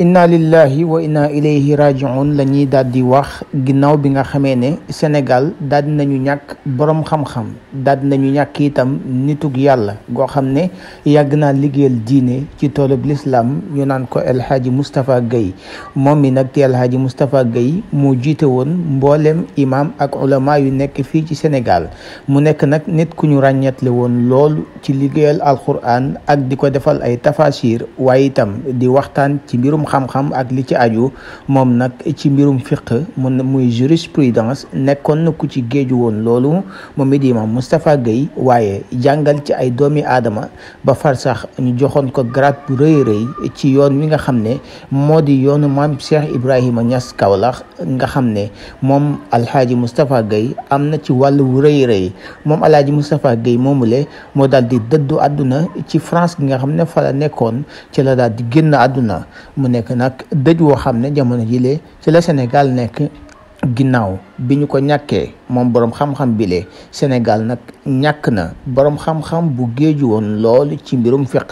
inna lillahi wa inna ilayhi rajiun la ñuy daal di wax ginnaaw bi nga xamee ne senegal daal nañu ñàkk boroom xam-xam daal nañu ñàkk itam nitug yàlla goo xam ne yàgg naa liggéeyal diine ci toolub lislaam ñu naan ko El Hadji Moustapha moom mi nag di El Hadji Moustapha moo jiite woon mbooleem imam ak ulama yu nekk fii ci Sénégal mu nekk nag nit ku ñu ràññetle woon loolu ci liggéeyal alquran ak di ko defal ay tafasir xam-xam ak li ci aju moom nag ci mbirum fiq mun muy jurisprudence nekkoon na ku ci géeju woon loolu moom it imam Moustapha Guèye waaye jàngal ci ay doomi aadama ba far sax ñu joxoon ko grade bu rëy rëy ci yoon mi nga xam ne moo di yoonu maam Cheikh Ibrahima Niass Kaolack nga xam ne moom alhaaji Moustapha Guèye am na ci wàll wàllu rëy rëy moom alhaaji Moustapha Guèye moomule moo daal di dëddu àdduna ci France bi nga xam ne fa nekkoon ci la daal di génn àdduna nekk nag dëj woo xam ne jamono jile ci la Sénégal nekk ginnaaw bi ñu ko ñàkkee moom boroom xam-xam bile Sénégal nag ñàkk na boroom xam-xam bu géeju woon lool ci mbirum fiq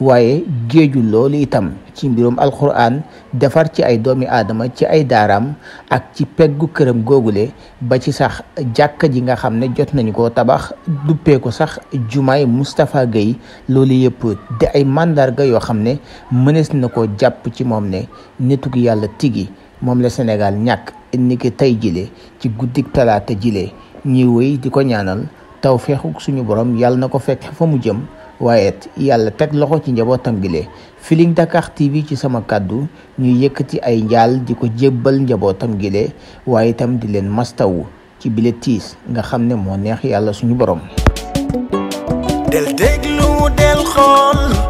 waaye géeju loolu itam ci mbirum alquran defar ci ay doomi aadama ci ay daaraam ak ci peggu këram googule ba ci sax jàkka ji nga xam ne jot nañu ko tabax duppee ko sax jumaay Moustapha Guèye loolu yëpp di ay màndarga yoo xam ne mënees na ko jàpp ci moom ne nituk yàlla tigi moom la senegaal ñàkk ni ki tey jile ci guddik talaata jile ñi wéy di ko ñaanal taw suñu boroom yàlla na ko fekk fa mu jëm waaye yàlla teg loxo ci njabootam gile Feeling Dakar TV ci sama kàddu ñu yëkkati ay njaal di ko jébbal njabootam gile waaye itam di leen mastawu ci bile tiis nga xam ne moo neex yàlla suñu boroom del déglu del xool